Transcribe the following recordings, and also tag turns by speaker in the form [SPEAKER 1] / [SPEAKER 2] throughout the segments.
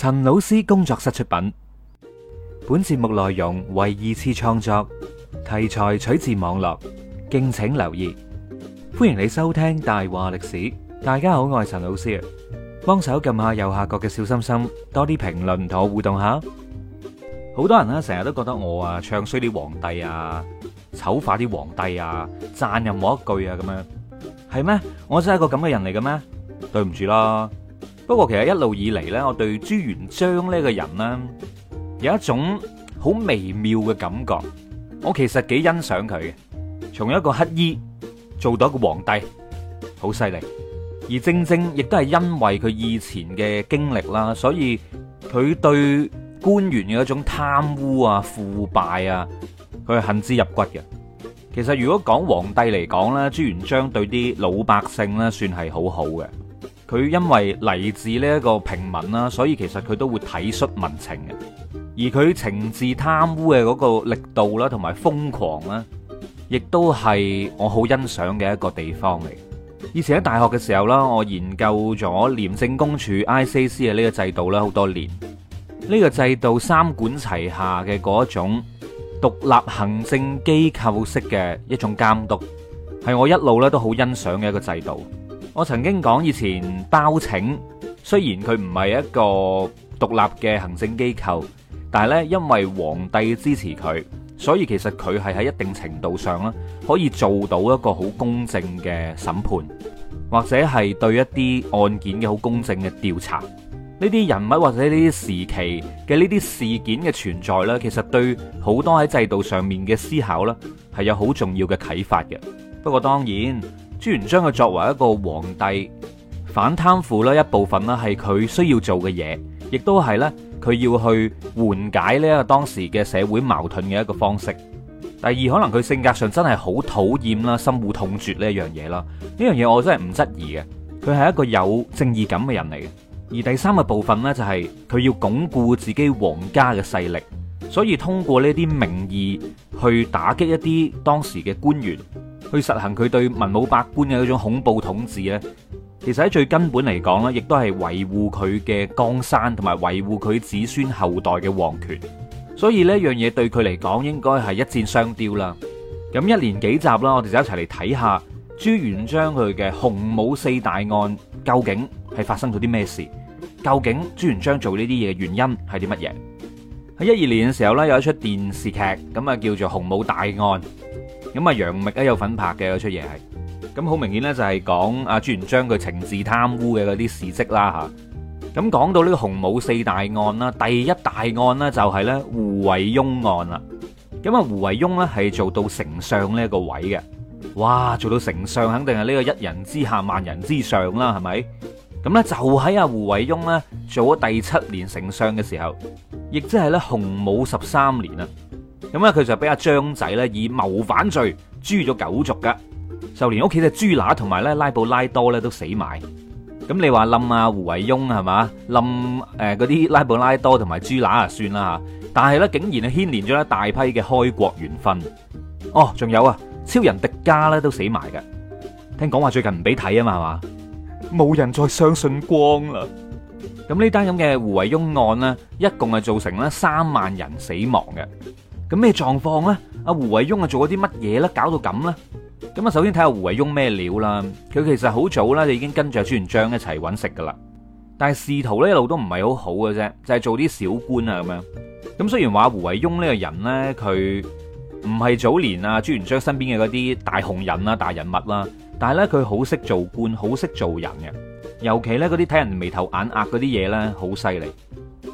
[SPEAKER 1] 陳老師工作室出品，本節目內容為二次創作，題材取自網絡，敬請留意。歡迎你收聽大話歷史。大家好，我係陳老師啊，幫手撳下右下角嘅小心心，多啲評論同我互動下。好多人咧、啊，成日都覺得我啊，唱衰啲皇帝啊，醜化啲皇帝啊，讚任何一句啊，咁樣係咩？我真係一個咁嘅人嚟嘅咩？對唔住啦。不過其實一路以嚟咧，我對朱元璋呢個人呢，有一種好微妙嘅感覺，我其實幾欣賞佢嘅，從一個乞衣做到一個皇帝，好犀利。而正正亦都係因為佢以前嘅經歷啦，所以佢對官員嘅一種貪污啊、腐敗啊，佢係恨之入骨嘅。其實如果講皇帝嚟講咧，朱元璋對啲老百姓咧算係好好嘅。佢因為嚟自呢一個平民啦，所以其實佢都會體恤民情嘅，而佢懲治貪污嘅嗰個力度啦，同埋瘋狂啦，亦都係我好欣賞嘅一個地方嚟。以前喺大學嘅時候啦，我研究咗廉政公署 ICAC 嘅呢個制度啦，好多年。呢、這個制度三管齊下嘅嗰一種獨立行政機構式嘅一種監督，係我一路咧都好欣賞嘅一個制度。我曾經講以前包拯，雖然佢唔係一個獨立嘅行政機構，但係呢，因為皇帝支持佢，所以其實佢係喺一定程度上可以做到一個好公正嘅審判，或者係對一啲案件嘅好公正嘅調查。呢啲人物或者呢啲時期嘅呢啲事件嘅存在呢，其實對好多喺制度上面嘅思考呢，係有好重要嘅啟發嘅。不過當然。朱元璋佢作為一個皇帝，反貪腐一部分啦，係佢需要做嘅嘢，亦都係咧佢要去緩解呢個當時嘅社會矛盾嘅一個方式。第二，可能佢性格上真係好討厭啦，深惡痛絕呢一樣嘢啦。呢樣嘢我真係唔質疑嘅，佢係一個有正義感嘅人嚟嘅。而第三個部分呢，就係佢要鞏固自己皇家嘅勢力，所以通過呢啲名義去打擊一啲當時嘅官員。去實行佢對文武百官嘅嗰種恐怖統治咧，其實喺最根本嚟講咧，亦都係維護佢嘅江山，同埋維護佢子孫後代嘅皇權。所以呢樣嘢對佢嚟講，應該係一箭雙雕啦。咁一連幾集啦，我哋就一齊嚟睇下朱元璋佢嘅洪武四大案究竟係發生咗啲咩事？究竟朱元璋做呢啲嘢嘅原因係啲乜嘢？喺一二年嘅時候咧，有一出電視劇咁啊，叫做《洪武大案》。咁啊，楊冪咧有份拍嘅嗰出嘢係，咁好明顯咧就係講阿朱元璋佢懲治貪污嘅嗰啲事迹啦吓，咁講到呢個洪武四大案啦，第一大案呢就係咧胡惟庸案啦。咁啊胡惟庸咧係做到丞相呢一個位嘅，哇做到丞相肯定係呢個一人之下萬人之上啦，係咪？咁咧就喺阿胡惟庸咧做咗第七年丞相嘅時候，亦即係咧洪武十三年啦。咁咧，佢就俾阿張仔咧以謀反罪誅咗九族噶，就連屋企隻豬乸同埋咧拉布拉多咧都死埋。咁你話冧啊胡惟庸係嘛？冧誒嗰啲拉布拉多同埋豬乸啊算啦吓，但係咧竟然牽連咗一大批嘅開國元勳。哦，仲有啊，超人迪迦咧都死埋㗎。聽講話最近唔俾睇啊嘛，係嘛？冇人再相信光啦。咁呢單咁嘅胡惟庸案呢，一共係造成咧三萬人死亡嘅。咁咩狀況呢？阿胡惟庸啊，做咗啲乜嘢呢？搞到咁呢？咁啊，首先睇下胡惟庸咩料啦。佢其實好早咧，就已經跟住朱元璋一齊揾食噶啦。但係仕途呢一路都唔係好好嘅啫，就係、是、做啲小官啊咁樣。咁雖然話胡惟庸呢個人呢，佢唔係早年啊朱元璋身邊嘅嗰啲大紅人啊大人物啦，但係呢，佢好識做官，好識做人嘅。尤其呢，嗰啲睇人眉頭眼額嗰啲嘢呢，好犀利。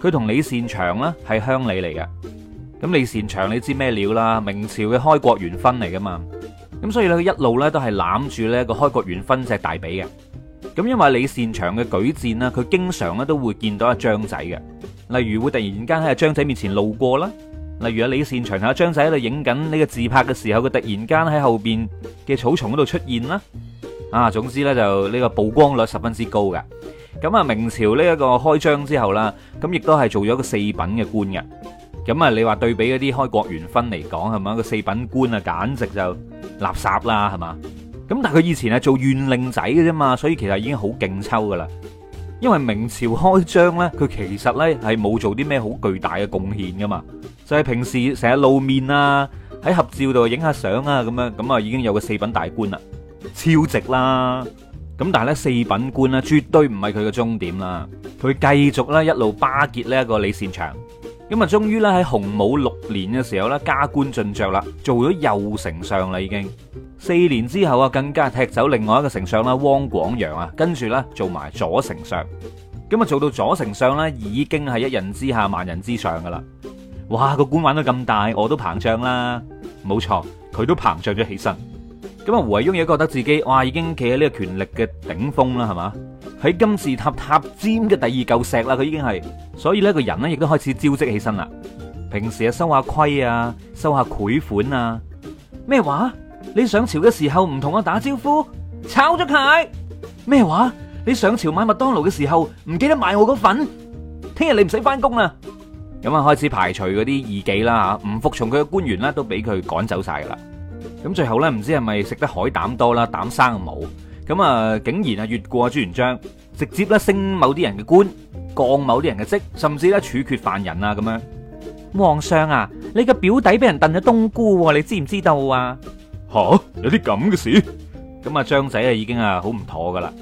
[SPEAKER 1] 佢同李善長呢，係鄉里嚟嘅。咁李善長你知咩料啦？明朝嘅開國元勳嚟噶嘛？咁所以咧，佢一路咧都係攬住呢個開國元勳隻大髀嘅。咁因為李善長嘅舉薦啦，佢經常咧都會見到阿張仔嘅。例如會突然間喺阿張仔面前路過啦，例如阿李善長同阿張仔喺度影緊呢個自拍嘅時候，佢突然間喺後邊嘅草叢嗰度出現啦。啊，總之呢，就呢個曝光率十分之高嘅。咁啊，明朝呢一個開張之後啦，咁亦都係做咗個四品嘅官嘅。咁啊，你話對比嗰啲開國元勳嚟講，係嘛個四品官啊，簡直就垃圾啦，係嘛？咁但係佢以前係做縣令仔嘅啫嘛，所以其實已經好勁抽噶啦。因為明朝開張咧，佢其實咧係冇做啲咩好巨大嘅貢獻噶嘛，就係平時成日露面啊，喺合照度影下相啊，咁樣咁啊，已經有個四品大官啦，超值啦。咁但係咧四品官啊，絕對唔係佢嘅終點啦，佢繼續咧一路巴結呢一個李善長。咁啊，終於咧喺洪武六年嘅時候咧，加官進爵啦，做咗右丞相啦，已經四年之後啊，更加踢走另外一個丞相啦，汪廣洋啊，跟住咧做埋左丞相。咁啊，做到左丞相咧，已經係一人之下，萬人之上噶啦。哇，個官玩到咁大，我都膨脹啦。冇錯，佢都膨脹咗起身。咁啊，胡惟庸亦都覺得自己哇已經企喺呢個權力嘅頂峰啦，係嘛？喺金字塔塔尖嘅第二嚿石啦，佢已經係。所以呢個人呢，亦都開始招積起身啦。平時啊，收下虧啊，收下賄款啊。咩話？你上朝嘅時候唔同我打招呼，炒咗佢。咩話？你上朝買麥當勞嘅時候唔記得買我嗰份，聽日你唔使翻工啦。咁啊，開始排除嗰啲異己啦嚇，唔服從佢嘅官員咧都俾佢趕走晒噶啦。咁最後咧，唔知係咪食得海膽多啦，膽生嘅毛，咁啊竟然啊越過朱元璋，直接咧升某啲人嘅官，降某啲人嘅職，甚至咧處決犯人啊咁樣。皇上啊，你個表弟俾人燉咗冬菇，你知唔知道啊？吓，有啲咁嘅事？咁啊，張仔啊已經啊好唔妥噶啦。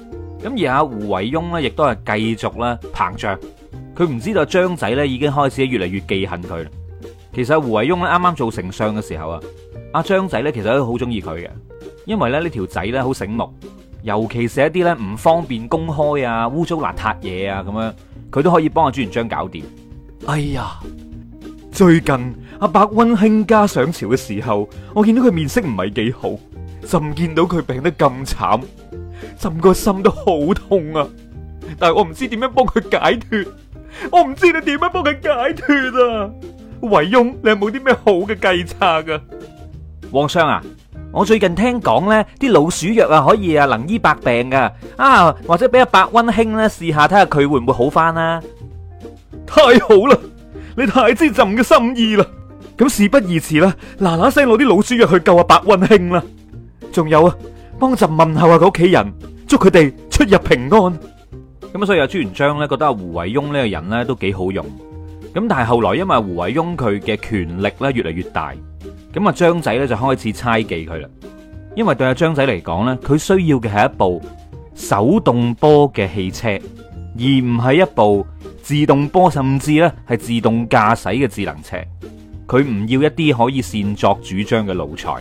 [SPEAKER 1] 咁而阿胡惟庸呢，亦都係繼續啦膨脹。佢唔知道張仔呢已經開始越嚟越記恨佢。其實胡惟庸咧啱啱做丞相嘅時候啊。阿張仔咧，其實都好中意佢嘅，因為咧呢條仔咧好醒目，尤其是一啲咧唔方便公開啊、污糟邋遢嘢啊，咁樣佢都可以幫阿朱元璋搞掂。哎呀，最近阿伯温卿家上朝嘅時候，我見到佢面色唔係幾好，朕見到佢病得咁慘，朕個心都好痛啊。但係我唔知點樣幫佢解脱，我唔知你點樣幫佢解脱啊。惟庸，你有冇啲咩好嘅計策啊？皇上啊，我最近聽講咧，啲老鼠藥啊可以啊能醫百病噶啊，或者俾阿伯温兄咧試下睇下佢會唔會好翻啊！太好啦，你太知朕嘅心意啦，咁事不宜遲啦，嗱嗱聲攞啲老鼠藥去救阿伯温兄啦，仲有啊，幫朕問候下佢屋企人，祝佢哋出入平安。咁所以阿朱元璋咧覺得阿胡惟庸呢個人咧都幾好用，咁但係後來因為胡惟庸佢嘅權力咧越嚟越大。咁啊，張仔咧就開始猜忌佢啦。因為對阿張仔嚟講呢，佢需要嘅係一部手動波嘅汽車，而唔係一部自動波，甚至呢係自動駕駛嘅智能車。佢唔要一啲可以擅作主張嘅奴才。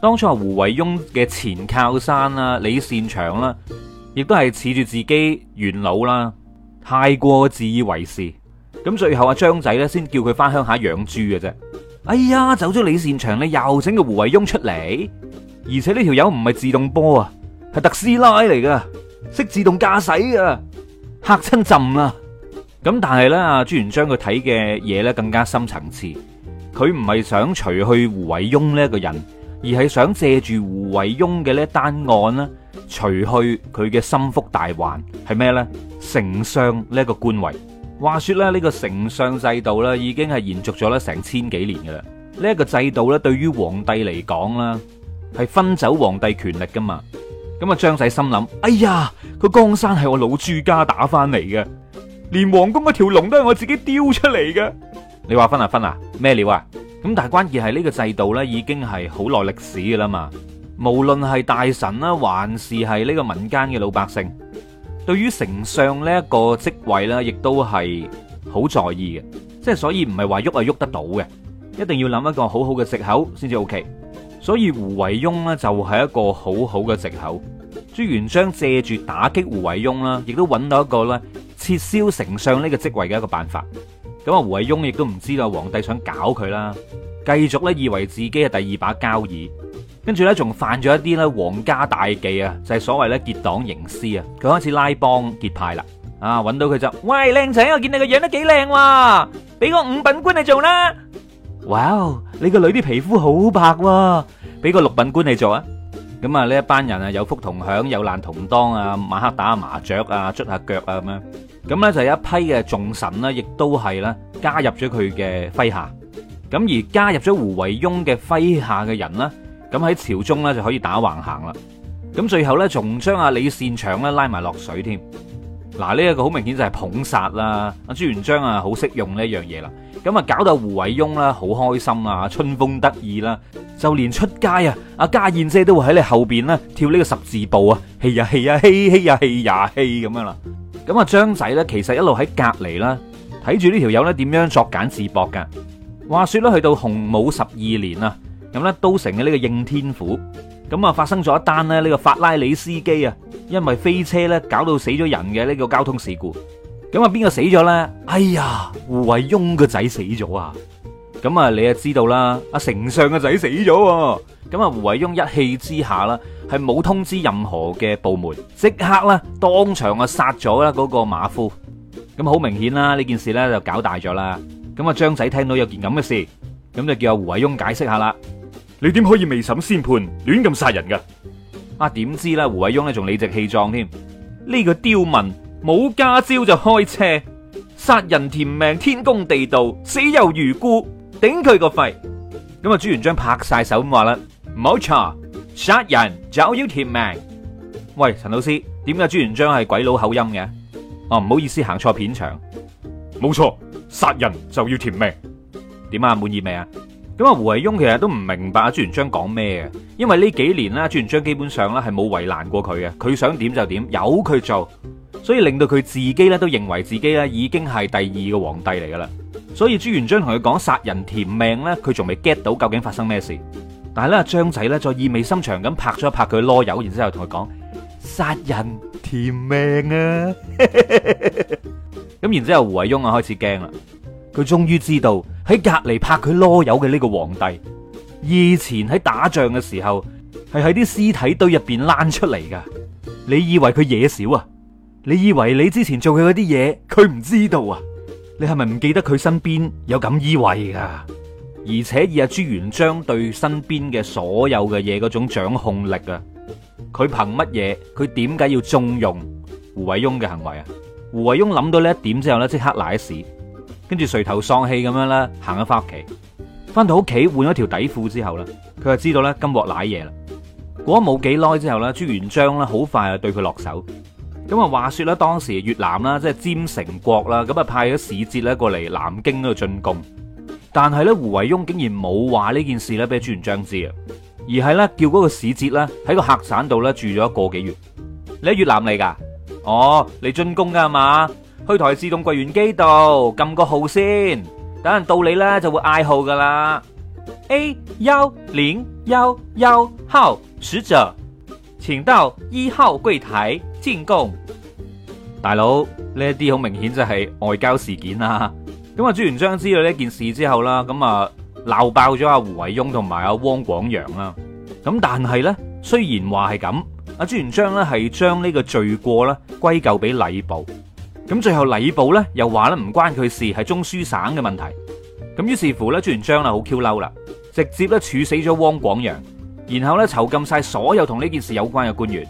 [SPEAKER 1] 當初阿胡惟庸嘅前靠山啦，李善長啦，亦都係恃住自己元老啦，太過自以為是。咁最後阿張仔呢，先叫佢翻鄉下養豬嘅啫。哎呀，走咗李善長你又整個胡惟庸出嚟，而且呢條友唔係自動波啊，係特斯拉嚟噶，識自動駕駛啊，嚇親朕啊。咁但係咧，啊朱元璋佢睇嘅嘢咧更加深層次，佢唔係想除去胡惟庸呢一個人，而係想借住胡惟庸嘅呢單案啦，除去佢嘅心腹大患係咩咧？丞相呢一個官位。話說咧，呢個丞相制度咧，已經係延續咗咧成千幾年嘅啦。呢一個制度咧，對於皇帝嚟講啦，係分走皇帝權力噶嘛。咁啊，璋仔心諗，哎呀，個江山係我老朱家打返嚟嘅，連皇宮嗰條龍都係我自己雕出嚟嘅。你話分啊分啊，咩料啊？咁但係關鍵係呢個制度咧，已經係好耐歷史噶啦嘛。無論係大臣啦，還是係呢個民間嘅老百姓，對於丞相呢一個職位呢，亦都係好在意嘅，即係所以唔係話喐啊喐得到嘅，一定要諗一個好好嘅借口先至 OK。所以胡惟庸呢，就係一個好好嘅借口，朱元璋借住打擊胡惟庸啦，亦都揾到一個咧撤銷丞相呢個職位嘅一個辦法。咁啊，胡惟庸亦都唔知道皇帝想搞佢啦，繼續咧以為自己係第二把交椅。跟住咧，仲犯咗一啲咧皇家大忌啊，就係、是、所謂咧結黨營私啊。佢開始拉幫結派啦，啊，揾到佢就喂，靚仔，我見你個樣都幾靚喎，俾個五品官嚟做啦。哇，你個女啲皮膚好白喎，啊，俾個六品官嚟做啊。咁啊，呢一班人啊，有福同享，有難同當啊。晚黑打下麻雀啊，捽下腳啊咁樣。咁咧就是、一批嘅眾臣呢，亦都係咧加入咗佢嘅麾下。咁而加入咗胡惟庸嘅麾下嘅人呢。咁喺朝中咧就可以打橫行啦，咁最後咧仲將阿李善長咧拉埋落水添。嗱，呢一個好明顯就係捧殺啦，阿朱元璋啊好識用呢一樣嘢啦。咁啊搞到胡惟庸啦好開心啊，春風得意啦，就連出街啊，阿家燕姐都會喺你後邊咧跳呢個十字步啊，氣呀氣呀，嘿呀嘿呀嘿咁樣啦。咁啊張仔咧其實一路喺隔籬啦，睇住呢條友咧點樣作繭自縛噶。話說咧去到洪武十二年啊。咁咧，都城嘅呢個應天府咁啊，發生咗一單咧，呢個法拉利司機啊，因為飛車咧，搞到死咗人嘅呢個交通事故。咁啊，邊個死咗咧？哎呀，胡惟庸個仔死咗啊！咁啊，你啊知道啦，阿丞相個仔死咗啊！咁啊，胡惟庸一氣之下啦，係冇通知任何嘅部門，即刻啦當場啊殺咗啦嗰個馬夫。咁好明顯啦，呢件事咧就搞大咗啦。咁啊，張仔聽到有件咁嘅事，咁就叫阿胡惟庸解釋下啦。你點可以未審先判，亂咁殺人噶？啊，點知啦？胡惟庸咧仲理直氣壯添，呢個刁民冇駕照，就開車殺人填命，天公地道，死有餘辜，頂佢個肺！咁啊，朱元璋拍晒手咁話啦，唔好錯，殺人就要填命。喂，陳老師，點解朱元璋係鬼佬口音嘅？哦，唔好意思，行錯片場。冇錯，殺人就要填命。點啊？滿意未啊？咁啊，胡惟庸其實都唔明白朱元璋講咩嘅，因為呢幾年咧，朱元璋基本上咧係冇為難過佢嘅，佢想點就點，由佢做，所以令到佢自己咧都認為自己咧已經係第二個皇帝嚟噶啦，所以朱元璋同佢講殺人填命咧，佢仲未 get 到究竟發生咩事，但係咧阿張仔咧再意味深長咁拍咗一拍佢囉柚，然之後同佢講殺人填命啊，咁 然之後胡惟庸啊開始驚啦。佢終於知道喺隔籬拍佢囉柚嘅呢個皇帝，以前喺打仗嘅時候係喺啲屍體堆入邊爬出嚟噶。你以為佢嘢少啊？你以為你之前做佢嗰啲嘢，佢唔知道啊？你係咪唔記得佢身邊有錦衣衛噶？而且以阿、啊、朱元璋對身邊嘅所有嘅嘢嗰種掌控力啊，佢憑乜嘢？佢點解要縱容胡惟庸嘅行為啊？胡惟庸諗到呢一點之後呢即刻賴屎。跟住垂頭喪氣咁樣啦，行咗翻屋企，翻到屋企換咗條底褲之後咧，佢就知道咧今鑊瀨嘢啦。過咗冇幾耐之後咧，朱元璋咧好快就對佢落手。咁啊，話說咧，當時越南啦，即係占城國啦，咁啊派咗使節咧過嚟南京度進攻，但係咧胡惟庸竟然冇話呢件事咧俾朱元璋知啊，而係咧叫嗰個使節咧喺個客棧度咧住咗一個幾月。你喺越南嚟噶？哦，嚟進攻噶係嘛？去台自動櫃員機度撳個號先，等人到你啦就會嗌號噶啦。A 幺零幺幺號使者，請到一號櫃台進貢。大佬呢一啲好明顯就係外交事件啦。咁啊，朱元璋知道呢件事之後啦，咁啊鬧爆咗阿胡惟庸同埋阿汪廣洋啦。咁但係咧，雖然話係咁，阿朱元璋咧係將呢個罪過咧歸咎俾禮部。咁最後禮部咧又話咧唔關佢事，係中書省嘅問題。咁於是乎咧，朱元璋啦好 Q 嬲啦，直接咧處死咗汪廣陽然後汪廣洋，然後咧囚禁晒所有同呢件事有關嘅官員。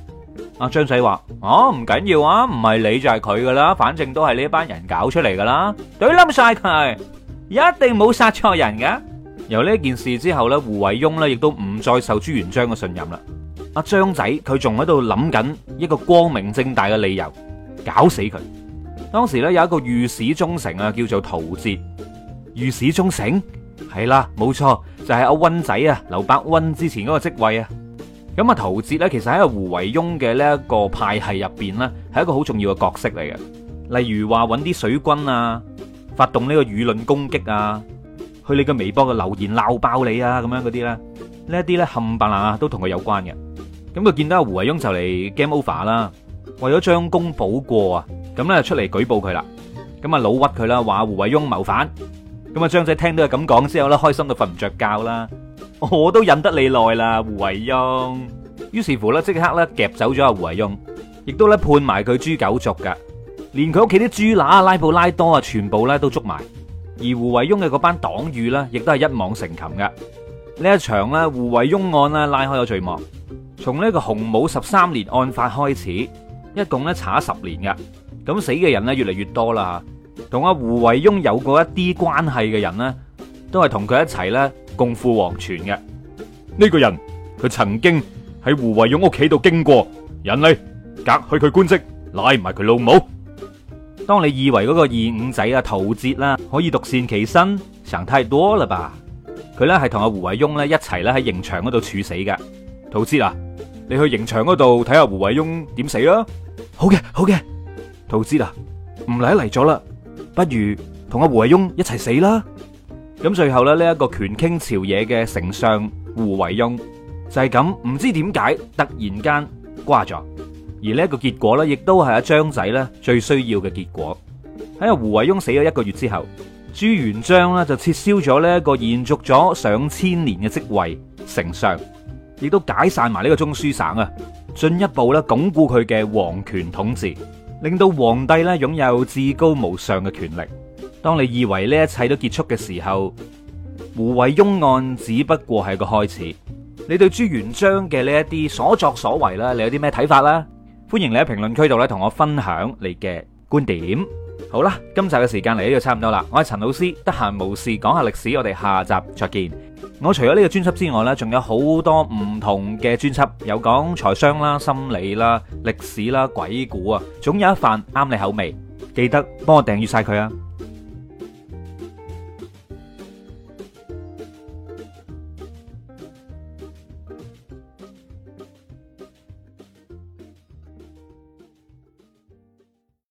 [SPEAKER 1] 阿張仔話：哦唔緊要啊，唔係你就係佢噶啦，反正都係呢一班人搞出嚟噶啦，懟冧晒佢，一定冇殺錯人嘅。由呢件事之後咧，胡惟庸咧亦都唔再受朱元璋嘅信任啦。阿張仔佢仲喺度諗緊一個光明正大嘅理由，搞死佢。當時咧有一個御史中丞啊，叫做陶節。御史中丞？係啦，冇錯就係、是、阿溫仔啊，劉伯溫之前嗰個職位啊。咁啊，陶節咧其實喺胡惟庸嘅呢一個派系入邊咧，係一個好重要嘅角色嚟嘅。例如話搵啲水軍啊，發動呢個輿論攻擊啊，去你嘅微博嘅留言鬧爆你啊，咁樣嗰啲咧，呢一啲咧，冚唪唥啊都同佢有關嘅。咁佢見到阿胡惟庸就嚟 game over 啦，為咗將功補過啊。咁咧就出嚟舉報佢啦，咁啊老屈佢啦，話胡惟庸謀反，咁啊張仔聽到佢咁講之後咧，開心到瞓唔着覺啦，我都忍得你耐啦，胡惟庸。於是乎咧，即刻咧夾走咗阿胡惟庸，亦都咧判埋佢豬狗族噶，連佢屋企啲豬乸拉布拉多啊，全部咧都捉埋。而胡惟庸嘅嗰班黨羽咧，亦都係一網成擒噶。呢一場咧胡惟庸案啊拉開咗序幕，從呢個洪武十三年案發開始，一共咧查十年噶。咁死嘅人咧越嚟越多啦，同阿胡惟庸有過一啲關係嘅人呢，都係同佢一齊咧共赴黃泉嘅。呢、這個人佢曾經喺胡惟庸屋企度經過，引嚟革去佢官職，拉埋佢老母。當你以爲嗰個二五仔啊涂節啦，可以獨善其身，想太多啦吧？佢咧係同阿胡惟庸咧一齊咧喺刑場嗰度處死嘅。涂節啊，你去刑場嗰度睇下胡惟庸點死啦。好嘅，好嘅。早知啦，唔嚟嚟咗啦，不如同阿胡惟庸一齊死啦。咁最後咧，呢、這、一個權傾朝野嘅丞相胡惟庸就係、是、咁，唔知點解突然間瓜咗。而呢一個結果呢，亦都係阿張仔咧最需要嘅結果。喺阿胡惟庸死咗一個月之後，朱元璋呢就撤銷咗呢一個延續咗上千年嘅職位丞相，亦都解散埋呢個中書省啊，進一步咧鞏固佢嘅皇權統治。令到皇帝咧擁有至高無上嘅權力。當你以為呢一切都結束嘅時候，胡惟庸案只不過係個開始。你對朱元璋嘅呢一啲所作所為啦，你有啲咩睇法啦？歡迎你喺評論區度咧同我分享你嘅觀點。好啦，今集嘅時間嚟到就差唔多啦，我係陳老師，得閒無事講下歷史，我哋下集再見。我除咗呢個專輯之外呢，仲有好多唔同嘅專輯，有講財商啦、心理啦、歷史啦、鬼故啊，總有一番啱你口味。記得幫我訂閱晒佢啊！